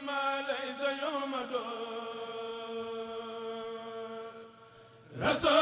كما ليس يومد رسول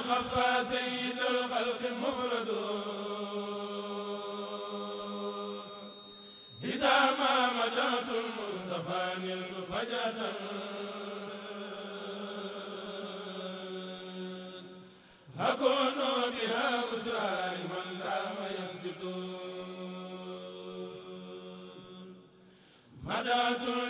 المخفى سيد الخلق مفرد إذا ما مدات المصطفى نلت فجأة أكون بها بشرى لمن دام يسجد مدات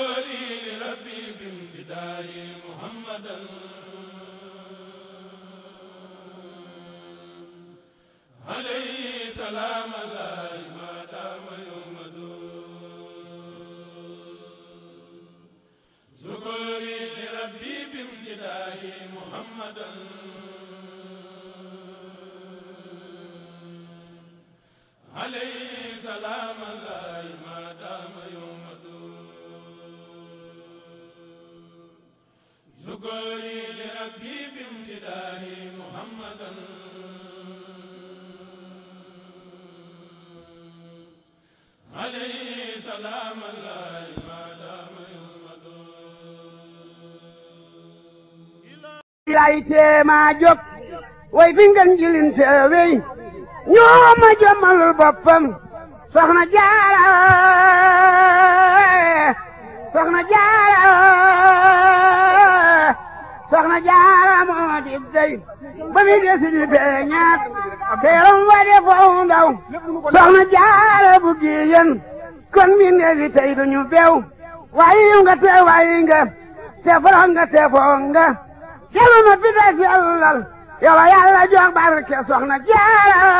شكري لربي بامتداه محمدا lay teema jóg way fi ngeen jilin seewey ñoo ma jommalul boppam soxna jaara soxna jaara soxna jaara moo di dey ba mi desi di feeñaat teeram wa de foofu ndaw soxna jaara bu giyen kon mi neefi tey duñu bew waayi te waayi te forox nga jelu na bi dey sellal yow yàlla jox barke soxna jaara